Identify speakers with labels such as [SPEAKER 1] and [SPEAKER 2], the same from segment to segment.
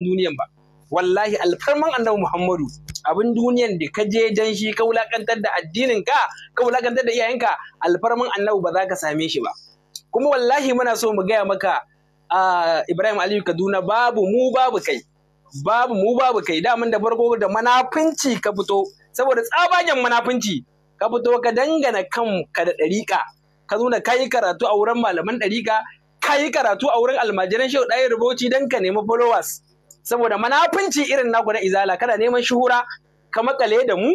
[SPEAKER 1] duniyan ba wallahi alfarman annabi muhammadu abin duniyan da ka je jan shi ka wulakantar da addinin ka ka wulakantar da iyayenka alfarman annabi ba za ka same shi ba kuma wallahi muna so mu gaya maka ibrahim aliyu kaduna babu mu babu kai babu mu babu kai damin da farko da manafinci ka fito saboda tsabagen manafinci ka fito ka dangana kan ka da ɗariƙa ka nuna ka yi karatu a wurin malaman ɗariƙa ka karatu a wurin almajiran shau ɗaya rubuci don ka nemi followers saboda manafinci irin naku na izala kana neman shuhura ka makale da mu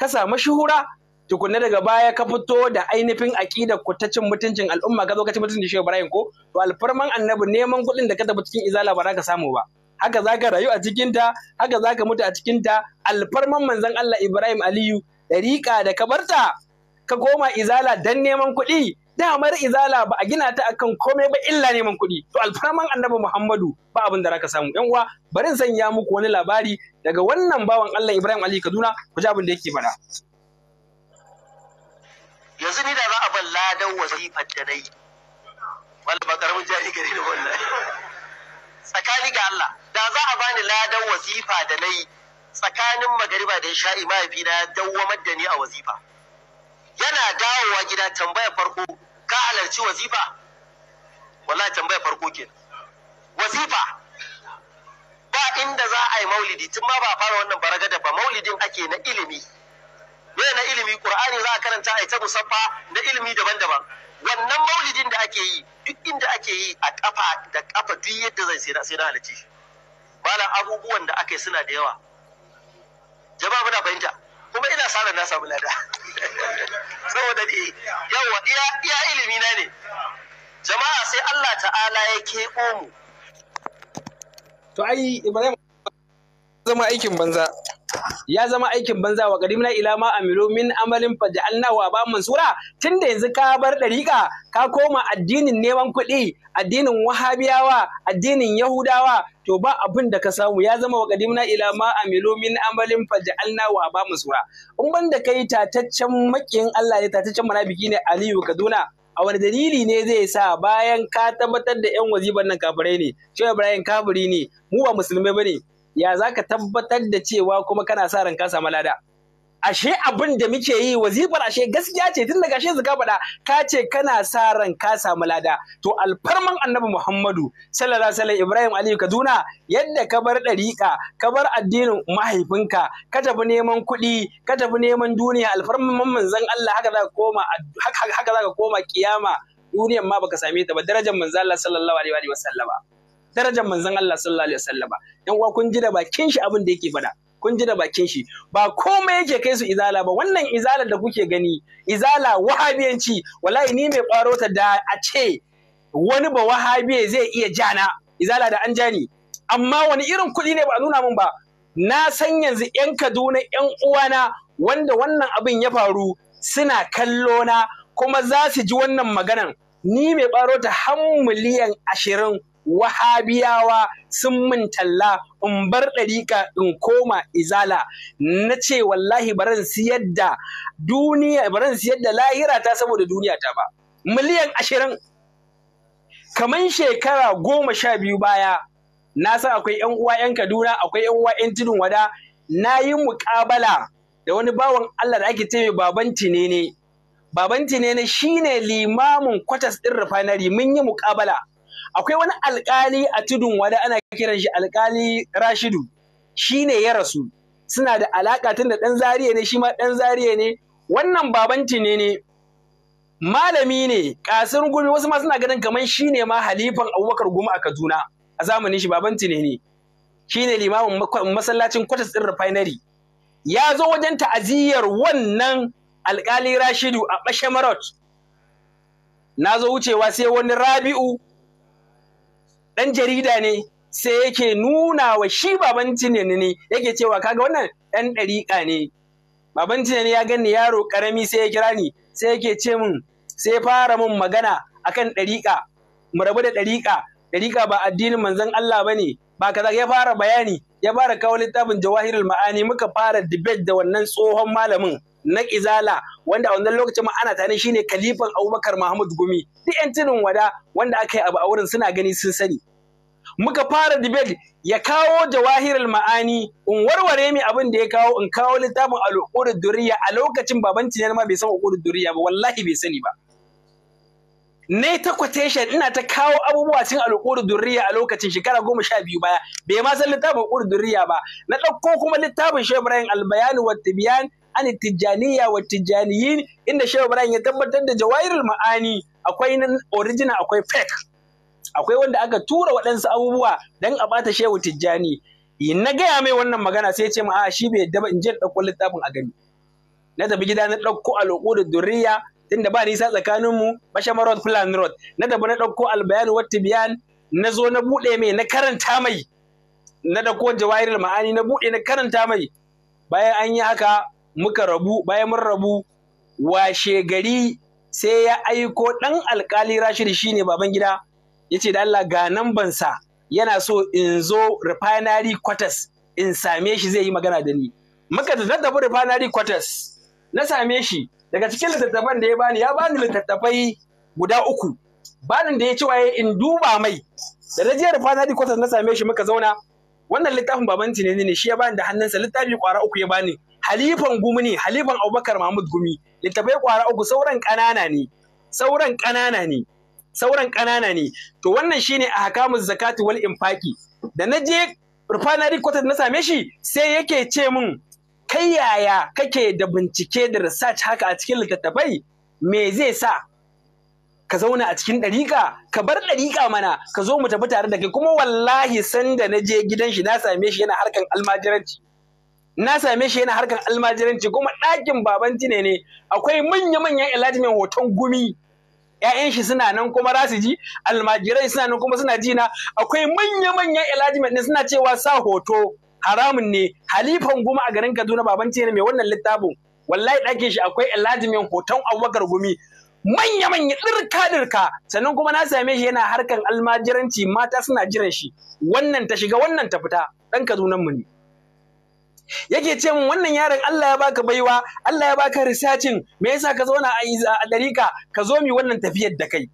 [SPEAKER 1] ka samu shuhura tukunna daga baya ka fito da ainihin aƙidar ku ta cin mutuncin al'umma ka zo ka ci mutuncin shehu ibrahim ko to alfarman annabi neman kuɗin da ka tafi cikin izala ba za ka samu ba haka za ka rayu a cikinta haka za ka mutu a cikinta alfarman manzon allah ibrahim aliyu ɗariƙa da ka barta ka koma izala dan neman kuɗi damar izala ba a gina ta akan komai ba illa neman kuɗi to alfarman annabi muhammadu ba abin da raka samu yan uwa bari in sanya muku wani labari daga wannan bawan allah ibrahim ali kaduna ku ji abin da yake faɗa. yanzu ni da za a balla ladan wasifar da na yi wanda ba karamin jari gari da wannan tsakani ga allah da za a bani ladan wasifa da na yi tsakanin magariba da ya sha'i mahaifina dawwamar da ni a wasifa yana dawowa gida tambayar farko ka halarci wazifa wallahi tambaya farko ke wazifa ba inda za a yi maulidi tun ma ba a fara wannan baragada ba maulidin ake na ilimi me na ilimi qur'ani za a karanta a ta musaffa na ilimi daban-daban wannan maulidin da ake yi duk inda ake yi a kafa da kafa duk yadda zai sai sai na halarci abubuwan da aka yi suna da yawa jama'a muna fahimta kuma ina sa na samu lada saboda yawa iya ilimi na ne jama'a sai Allah ta'ala ya keɓo mu to ai ibrahim zama aikin banza ya zama aikin banza wa garimna ila ma min amalin wa ba mansura tunda yanzu ka bar dariƙa ka koma addinin neman kuɗi addinin wahabiyawa addinin yahudawa to ba abin da ka samu ya zama wa kadimna ila ma amilu min amalin faj'alna wa ba musura in banda kai tataccen makiyin Allah ne tataccen manabiki ne Aliyu Kaduna a wani dalili ne zai sa bayan ka tabbatar da yan wazibar nan kafirai ne Shehu Ibrahim kafiri ne mu ba musulmai bane ya za ka tabbatar da cewa kuma kana sa ranka samu lada ashe abin da muke yi wazifar ashe gaskiya ce tun daga ashe zuka faɗa ka ce kana sa ran ka samu lada to alfarman annabi muhammadu sallallahu alaihi wasallam ibrahim aliyu kaduna yadda ka bar ɗariƙa ka bar addinin mahaifinka ka tafi neman kuɗi ka tafi neman duniya alfarman manzon allah haka za ka koma haka za ka koma kiyama duniyan ma baka same ta ba darajar manzon allah sallallahu alaihi darajar manzon Allah sallallahu alaihi wasallam yan uwa kun ji da bakin shi abin da yake faɗa kun ji da bakin shi ba komai yake kai su izala ba wannan izalar da kuke gani izala wahabiyanci wallahi ni mai ƙwaro ta da a ce wani ba wahabiye zai iya jana izala da an jani amma wani irin kuɗi ne ba nuna min ba na san yanzu 'yan kaduna 'yan uwana wanda wannan abin ya faru suna kallo na kuma za su ji wannan maganan ni mai ɓaro ta har miliyan ashirin wahabiyawa sun min talla in bar ɗariƙa in koma izala na ce wallahi baran siyar da duniya baran siyar da lahira ta saboda duniya ta ba miliyan ashirin kamar shekara goma sha biyu baya na san akwai yan uwa yan kaduna akwai yan uwa yan tudun wada na yi muƙabala da wani bawan allah da ake ce baban tinene baban tinene shine limamin kwatas ɗin refinery mun yi muƙabala akwai wani alkali a tudun wada ana kiran shi alkali rashidu shi ne ya rasu suna da alaƙa tun da ɗan zariya ne shi ma ɗan zariya ne wannan baban Tine ne malami ne ƙasar gumi wasu ma suna ganin kamar shi ne ma halifan abubakar gumi a kaduna a zamanin shi baban Tine ne shi ne limamin masallacin kwatas ɗin refinery ya zo wajen ta'aziyyar wannan alkali rashidu a ɓashe marot na zo wucewa sai wani rabi'u ɗan jarida ne sai yake nuna wa shi baban tunani ne yake cewa kaga wannan ɗan ɗariƙa ne baban tunani ya gani yaro ƙarami sai ya kira ni sai yake ce min sai fara min magana akan ɗariƙa mu rabu da ɗariƙa ɗariƙa ba addinin manzon Allah bane ba kaza ya fara bayani ya fara kawo littafin jawahirul ma'ani muka fara debate da wannan tsohon malamin na kizala wanda a wannan lokacin ma ana tani shine kalifan abubakar mahmud gumi duk yan wada wanda aka yi abu a wurin suna gani sun sani muka fara debate ya kawo jawahirul ma'ani in warware mi abin da ya kawo in kawo littafin al'uqud duriya a lokacin Babanci tinar ma bai san al'uqud duriya ba wallahi bai sani ba ne ta quotation ina ta kawo abubuwa cin alƙur durriya a lokacin shekara goma sha biyu baya bai ma san littafin alƙur durriya ba na ɗauko kuma littafin shehu ibrahim albayani wa tibiyan an tijjaniya wa inda shehu ibrahim ya tabbatar da jawairul ma'ani akwai nan original akwai fake akwai wanda aka tura waɗansu abubuwa don a ɓata shehu tijjani na gaya mai wannan magana sai ya ce ma shi bai yadda in je ɗauko littafin a gani na tafi gida na ɗauko alƙur durriya tunda ba nisa tsakaninmu mashama road plan road na tafi na ɗauko albayan wata biyan na zo na buɗe mai na karanta mai na ɗauko jawahirul ma'ani na buɗe na karanta mai bayan an yi haka muka rabu bayan mun rabu washe gari sai ya aiko ɗan alkali rashid shine baban gida ya ce da Allah ga nan bansa yana so in zo refinery quarters in same shi zai yi magana da ni muka da tafi refinery quarters na same shi daga cikin littattafan da ya bani ya bani littattafai guda uku banin da ya ci waye in duba mai da na je rufana di na same shi muka zauna wannan littafin baban tinani ne shi ya bani da hannunsa littafi kwara uku ya bani halifan gumi ne halifan abubakar mahmud gumi littafai kwara uku sauran ƙanana ne sauran ƙanana ne sauran ƙanana ne to wannan shine a hakamu zakati wal infaki da na je rufana na same shi sai yake ce min kai yaya kake da bincike da research haka a cikin littattafai me zai sa ka zauna a cikin ɗariƙa ka bar ɗariƙa mana ka zo mu tafi tare da kai kuma wallahi sanda na je gidan shi na same shi yana harkan almajiranci na same shi yana harkan almajiranci kuma ɗakin baban tine ne akwai manya-manyan ilajimin hoton gumi ‘ya'yan shi suna nan kuma za su ji almajirai suna nan kuma suna ji na akwai manya-manyan ilajimin ne suna cewa sa hoto haramun ne halifan goma a garin Kaduna baban ne mai wannan littafin wallahi ɗakin shi akwai Elijah hoton Abubakar Gumi manya manya dirka dirka sannan kuma na same shi yana harkan almajiranci mata suna jiran shi wannan ta shiga wannan ta fita dan Kaduna mu ne yake ce min wannan yaron Allah ya baka baiwa Allah ya baka risacin me yasa ka zauna a dariƙa ka zo mi wannan tafiyar da kai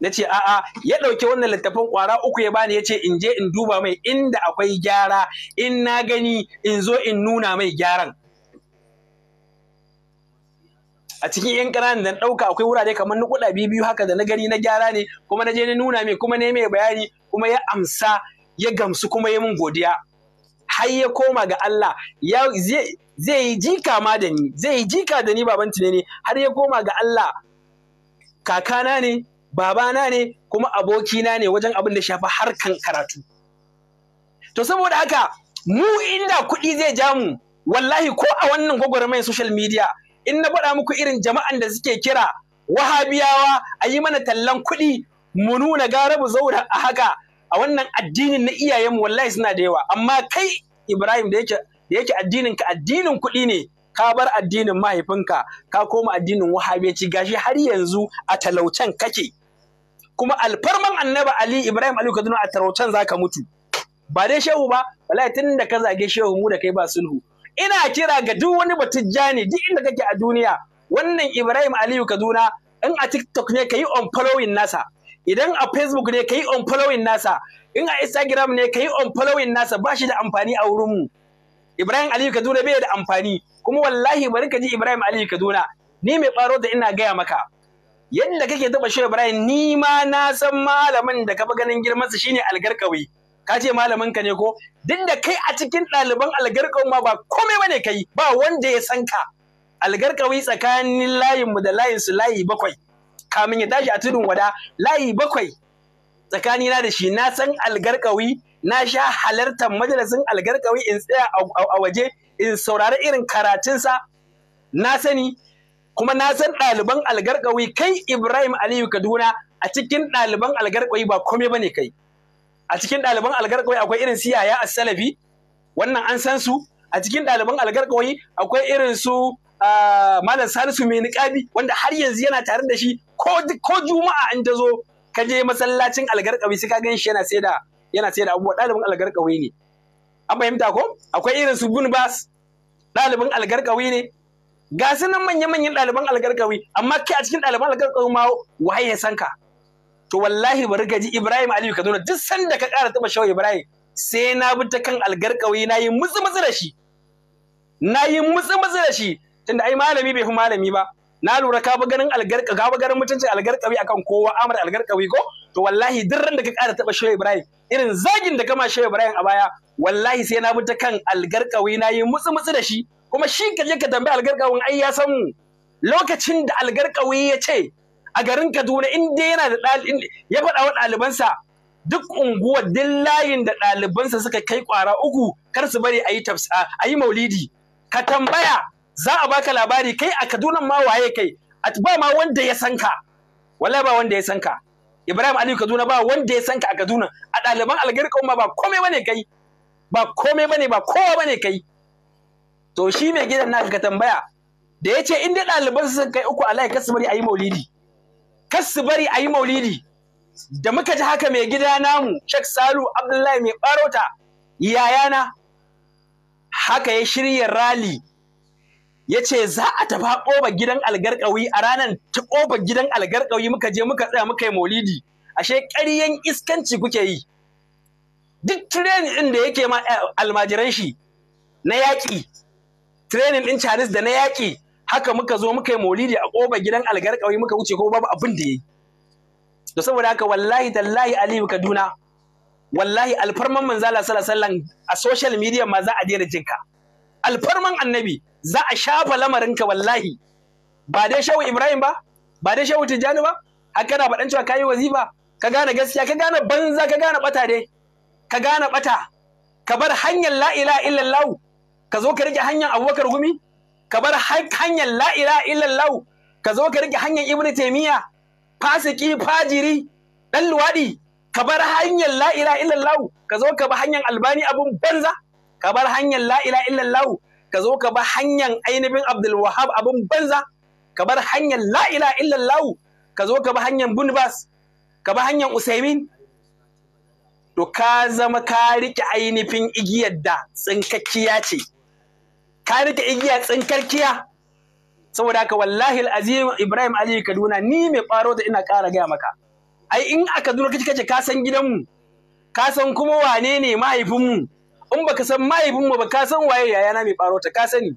[SPEAKER 1] na ce a'a ya ɗauki wannan littafin ƙwara uku ya bani ya ce in je in duba mai inda akwai gyara in na gani in zo in nuna mai gyaran a cikin yan ƙananan da na ɗauka akwai wurare kamar nukuɗa biyu haka da na gani na gyara ne kuma na je na nuna mai kuma na mai bayani kuma ya amsa ya gamsu kuma ya mun godiya har ya koma ga Allah ya zai yi jika ma da ni zai yi jika da ni baban ne har ya koma ga Allah kakana ne babana ne kuma abokina ne wajen abin da shafa harkan karatu to saboda haka mu inda kuɗi zai ja mu wallahi ko a wannan gwagwarmayar social media in na faɗa muku irin jama'an da suke kira wahabiyawa a yi mana tallan kuɗi mu nuna gara mu zauna a haka a wannan addinin na iyayenmu wallahi suna da yawa amma kai Ibrahim da yake da yake addinin ka addinin kuɗi ne ka bar addinin mahaifinka ka koma addinin wahabiyaci gashi har yanzu a talaucen kake kuma alfarman annabi ali ibrahim ali kaduna a tarautan zaka mutu ba dai shehu ba wallahi tun da ka zage shehu mu da kai ba sulhu ina kira ga duk wani batijjani duk inda kake a duniya wannan ibrahim Ali kaduna in a tiktok ne kayi on following nasa idan a facebook ne kayi on following nasa in a instagram ne kayi on following nasa ba shi da amfani a wurin mu ibrahim Ali kaduna bai da amfani kuma wallahi bari ka ji ibrahim Ali kaduna ni mai baro da ina gaya maka yadda kake taba shi ibrahim ni ma na san malamin da kafa ganin girmansa shine algarkawi ka ce malamin ka ne ko duk da kai a cikin ɗaliban algarkawi ma ba komai bane kai ba wanda ya san ka algarkawi tsakanin layin mu da layin su layi bakwai kamin ya tashi a tudun wada layi bakwai tsakanina da shi na san algarkawi na sha halartar majalisin algarkawi in tsaya a waje in saurari irin karatunsa na sani kuma na san ɗaliban algarƙawi kai Ibrahim Aliyu Kaduna a cikin ɗaliban algarƙawi ba kome ba ne kai a cikin ɗaliban algarƙawi akwai irin su yaya salafi wannan an san su a cikin ɗaliban algarƙawi akwai irin su ah, malam Salisu mai niƙabi wanda har yanzu yana tare da shi ko juma'a in ta zo ka je masallacin algarƙawi sai ka gan shi yana sai da yana sai da abubuwa ɗaliban algarƙawi ne an fahimta ko akwai irin su bunbas Ɗaliban ɗalibin algarƙawi ne ga su nan manya-manyan ɗaliban algarkawi amma kai a cikin ɗaliban algarkawi ma waye ya san ka to wallahi bari gaji Ibrahim Aliyu Kaduna duk sanda ka ƙara taɓa shawar Ibrahim sai na bi ta kan algarkawi na yi mutsi mutsi da shi na yi mutsi mutsi da shi tunda ai malami bai fi malami ba na lura ka bi ganin algarka ka bi ganin mutuncin algarkawi akan kowa amur algarkawi ko to wallahi duk ran da ka ƙara taɓa shawar Ibrahim irin zagin da kama shawar Ibrahim a baya wallahi sai na bi ta kan algarkawi na yi mutsi mutsi da shi kuma shi ka je ka tambayi algarkawin ai ya san mu lokacin da algarkawi ya ce a garin Kaduna in dai yana da ya faɗa wa ɗalibansa duk unguwa din layin da ɗalibansa suka kai ƙwara uku kar su bari a yi ayi maulidi ka tambaya za a baka labari kai a Kaduna ma waye kai a ba ma wanda ya san ka wallahi ba wanda ya san ka Ibrahim Aliyu Kaduna ba wanda ya san ka a Kaduna a ɗaliban algarkawi ma ba komai bane kai ba komai bane ba kowa bane kai to shi mai gidan naka ka tambaya da ya ce in dai ɗaliban sun kai uku alayi kasu bari a yi maulidi kasu bari a yi maulidi da muka ji haka mai gida namu Sheikh Salu Abdullahi mai barota yayana haka ya shirya rali ya ce za a tafa ƙofa gidan algarƙawi a ranar ta ƙofa gidan algarƙawi muka je muka tsaya muka yi maulidi ashe ƙaryen iskanci kuke yi duk tren ɗin da yake ma eh, almajiran shi na yaƙi training din Chinese da na yaƙi haka muka zo muka yi maulidi a ƙoba gidan algarƙawi muka wuce ko babu abin da yayi to saboda haka wallahi tallahi Aliyu Kaduna wallahi alfarman manzala sallallahu alaihi wasallam a social media ma za a daina jinka alfarman annabi za a shafa lamarinka wallahi ba dai shawu Ibrahim ba ba dai shawu Tijjani ba har kana faɗan cewa kayi wazifa ka gane gaskiya ka gane banza ka gane bata dai ka gane bata ka bar hanyar la ilaha illallah ka zo ka rike hanyar abubakar gumi ka bar hanyar la'ira illallah ka zo ka rike hanyar ibnu taimiyya fasiki fajiri dan luwaɗi ka bar hanyar la'ira illallah ka zo ka bar hanyar albani abun banza ka bar hanyar la'ira illallah ka zo ka bar hanyar ainihin abdul wahab abun banza ka bar hanyar la'ira illallah ka zo ka bar hanyar bunbas ka bar hanyar usaimin to ka zama ka riƙe ainihin igiyar da tsinkakkiya ce ka rike igiya tsinkar kiya saboda haka wallahi al'azim Ibrahim Ali Kaduna ni mai ɓaro da ina ƙara gaya maka ai in a Kaduna kace kace ka san gidanmu ka san kuma wane ne mahaifinmu in baka san mahaifinmu ba ka san waye yayana mai ɓaro ta ka sani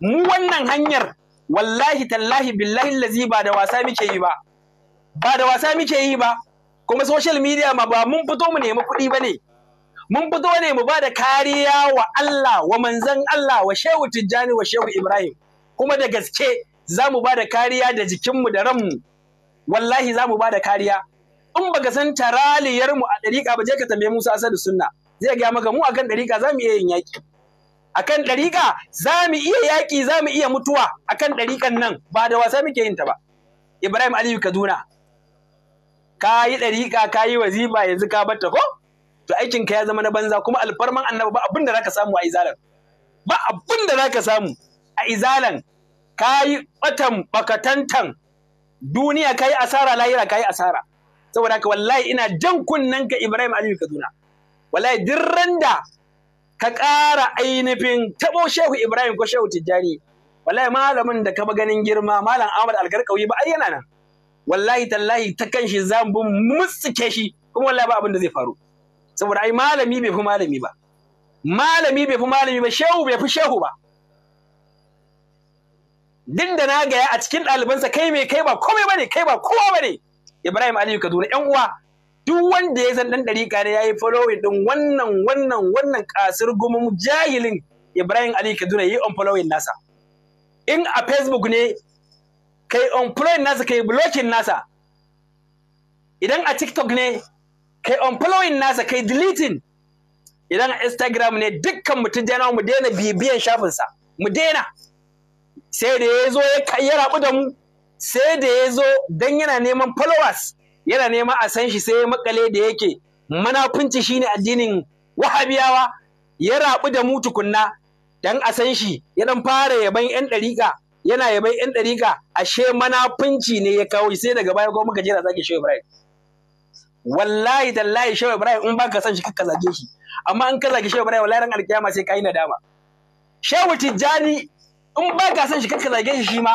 [SPEAKER 1] mu wannan hanyar wallahi tallahi billahi lazi ba da wasa muke yi ba ba da wasa muke yi ba kuma social media ma ba mun fito mu nemi kuɗi ba ne mun fito ne mu ba da kariya wa Allah wa manzan Allah wa Shehu Tijjani wa Shehu Ibrahim kuma da gaske za mu ba da kariya da jikinmu da ranmu wallahi za mu ba da kariya in baka san taraliyarmu a ɗariƙa ba je ka tambaye Musa Asadu Sunna zai gaya maka mu akan ɗariƙa za mu iya yin yaƙi akan ɗariƙa za mu iya yaƙi za mu iya mutuwa akan ɗariƙan nan ba da wasa muke yin ta ba Ibrahim Aliyu Kaduna ka yi ɗariƙa ka yi wazifa yanzu ka ta ko to aikin ka ya zama na banza kuma alfarman annabi ba abin da zaka samu a izalan ba abin da zaka samu a izalan kayi batan bakatantan duniya kayi asara lahira kayi asara saboda haka wallahi ina jan kunnen ka Ibrahim Aliyu Kaduna wallahi duk randa ka ƙara ainifin taɓo Shehu Ibrahim ko Shehu Tijjani wallahi malamin da ka ganin girma malam Ahmad Algarkawi ba ai yana nan wallahi tallahi ta kan shi zamu mutsike shi kuma wallahi ba abin da zai faru saboda ai malami bai fi malami ba malami bai fi malami ba shehu bai fi shehu ba duk da na gaya a cikin ɗalibansa kai mai kai ba komai bane kai ba kowa bane Ibrahim Aliyu Kaduna ƴan uwa duk wanda ya san dan dariƙa ne yayi following din wannan wannan wannan kasir gumum jahilin Ibrahim Aliyu Kaduna yayi on following nasa in a Facebook ne kai on following nasa kai blocking nasa idan a TikTok ne kai unfollowing nasa kai deleting idan instagram ne dukkan mutum jana mu daina bibiyan shafinsa mu daina sai da ya zo ya rabu da mu sai da ya zo don yana neman followers yana neman a san shi sai ya makale da yake manafinci shine addinin wahabiyawa ya rabu da mu tukunna dan a san shi ya dan fara yaban yan dariƙa yana yaban yan dariƙa ashe manafinci ne ya kawo sai daga baya ko muka jira zaki shi Ibrahim wallahi tallahi shehu ibrahim in baka san shi kakka zage shi amma in ka zage shehu ibrahim wallahi ran alkiyama sai ka yi nadama shehu tijjani in baka san shi kakka zage shi shi ma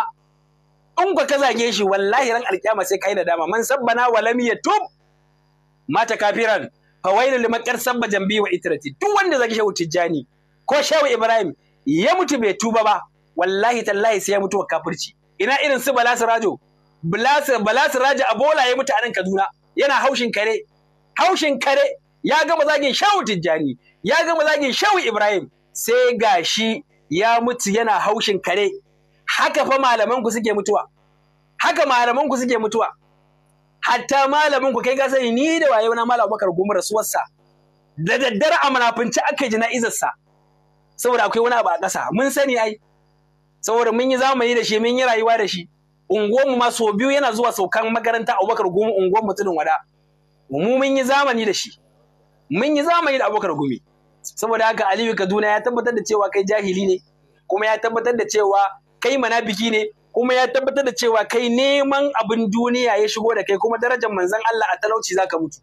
[SPEAKER 1] in ka zage shi wallahi ran alkiyama sai ka yi nadama man sabbana wa lam yatub mata kafiran fa wailul liman sabba jambi wa itrati duk wanda zage shehu tijjani ko shehu ibrahim ya mutu bai tuba ba wallahi tallahi sai ya mutu wa kafirci ina irin su Rajo? Balasu bala rajo abola ya mutu a nan kaduna yana haushin kare haushin kare ya gama zagin Shawu tijjani ya gama zagin Shawu ibrahim sai gashi ya mutu yana haushin kare haka fa malaman ku suke mutuwa haka malaman ku suke mutuwa hatta malamin ku kai ka sani ni da wayo na malam Abubakar Goma rasuwarsa da daddare a munafunci aka jana'izar sa saboda akwai wani abu a ƙasa mun sani ai saboda mun yi zamani da shi mun yi rayuwa da shi unguwanmu ma sau biyu yana zuwa saukan makaranta a abubakar gumi unguwan mutumin wada mu mun yi zamani da shi mun yi zamani da abubakar gumi saboda haka aliyu kaduna ya tabbatar da cewa kai jahili ne kuma ya tabbatar da cewa kai manafiki ne kuma ya tabbatar da cewa kai neman abin duniya ya shigo da kai kuma darajar manzon Allah a talauci zaka mutu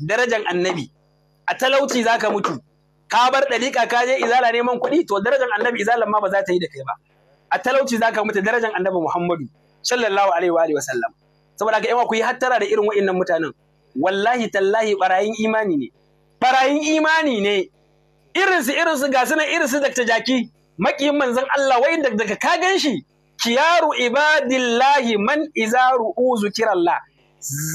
[SPEAKER 1] darajar annabi a talauci zaka mutu ka bar dalika ka je izala neman kuɗi to darajar annabi izalan ma ba za ta yi da kai ba a talauci zaka mutu darajar annabi Muhammadu sallallahu alaihi wa alihi sallam saboda haka yawa ku yi hattara da irin wa'annan mutanen wallahi tallahi barayin imani ne barayin imani ne irinsu irinsu ga sunan irinsu dakta jaki makiyin manzon Allah wai daga ka ganshi kiyaru ibadillahi man izaru uzu kirallah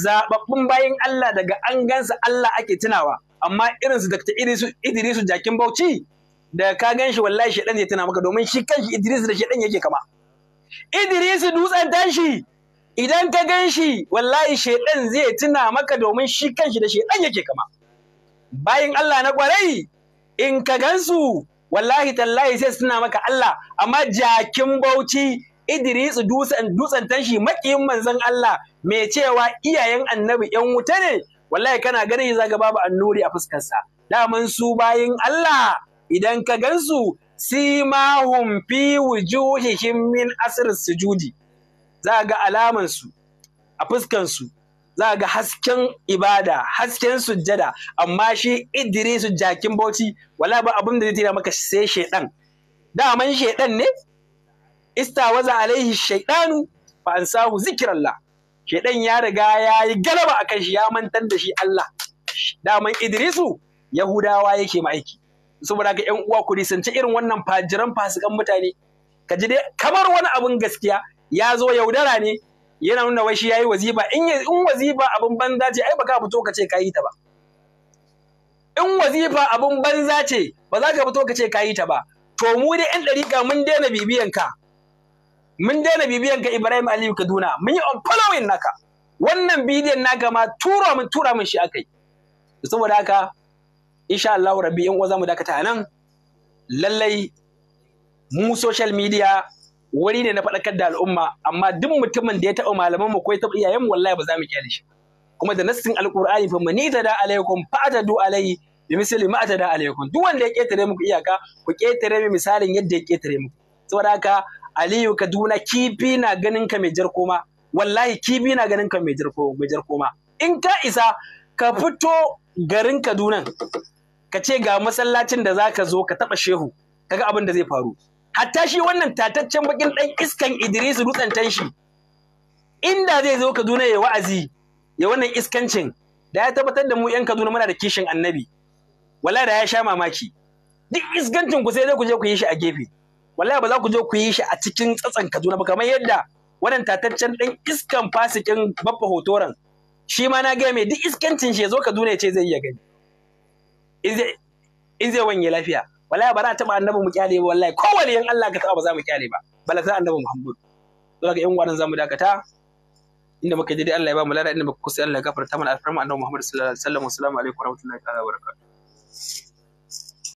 [SPEAKER 1] zababbun bayin Allah daga an gansa Allah ake tunawa amma irinsu dakta Idrisu Idrisu jakin Bauchi da ka ganshi shi wallahi shedan zai tuna maka domin shi kanshi Idrisu da shedan yake kama Idrisu dutsen tashi idan ka gan shi wallahi shedan zai tuna maka domin shi kanshi da shedan yake kama bayin Allah na kwarai in ka gansu wallahi tallahi sai suna maka Allah amma jakin bauchi Idrisu dutsen dutsen tashi makiyin manzon Allah mai cewa iyayen annabi yan wuta ne wallahi kana ganin zaga babu annuri a fuskar sa daman su bayin Allah idan ka gansu simahum fi wujuhihim min asr sujudi za ga alaman su a fuskan su za ga hasken ibada hasken sujjada amma shi Idrisu jakin bauchi wala ba abin da zai tira maka sai shedan daman shedan ne istawaza alaihi shaidanu fa ansahu zikrallah shedan ya riga yayi yi galaba akan shi ya mantar da shi Allah daman Idrisu Yahudawa yake maiki aiki saboda ga ƴan uwa ku ci irin wannan fajiran fasikan mutane ka ji dai kamar wani abin gaskiya ya zo yaudara ne yana nuna wai shi yayi waziba in in waziba abin banza ce ai baka fito ka ce kayi ta ba in wazifa abin banza ce ba za ka fito ka ce kayi ta ba to mu dai ɗan dariƙa mun daina bibiyan ka mun daina bibiyan ka Ibrahim Aliyu Kaduna mun yi on following naka wannan bidiyon naka ma tura mun tura mun shi akai saboda haka insha Allah rabbi yan uwa zamu dakata nan lallai mu social media wuri ne na faɗakar da al'umma amma duk mutumin da ya taɓa malaman mu ko ya taɓa iyayen wallahi ba za mu kyale shi kuma da nassin alqur'ani fa manita da alaikum fa'tadu alai bi misali tada alaikum duk wanda ya ketare muku iyaka ku ketare mai misalin yadda ya ketare muku saboda haka Aliyu Kaduna Kibi na ganin ka mai jar koma wallahi Kibi na ganin ka mai jar koma in ka isa ka fito garin Kaduna ka ce ga masallacin da zaka zo ka taba shehu kaga abin da zai faru hatta shi wannan tataccen bakin dan iskan Idris rutsantan shi inda zai zo Kaduna ya wa'azi ya wannan iskancin da ya tabbatar da mu yan Kaduna muna da kishin annabi wallahi da ya sha mamaki duk iskancin ku sai dai ku je ku yi shi a gefe wallahi ba za ku je ku yi shi a cikin tsatsan Kaduna ba kamar yadda wannan tataccen dan iskan fasikin babba hotoran shi ma na ga mai duk iskancin shi ya zo Kaduna ya ce zai iya gani in zai wanye lafiya wallahi ba za a taba annabi mu kyale ba wallahi kowane yan Allah ka taba ba za mu kyale ba bala ta annabi Muhammad to daga yan gwanan zamu dakata inda muka jidi dai Allah ya ba mu lada inda muka kusa Allah ya gafarta mana alfarma annabi Muhammad sallallahu alaihi wasallam assalamu alaikum warahmatullahi wabarakatuh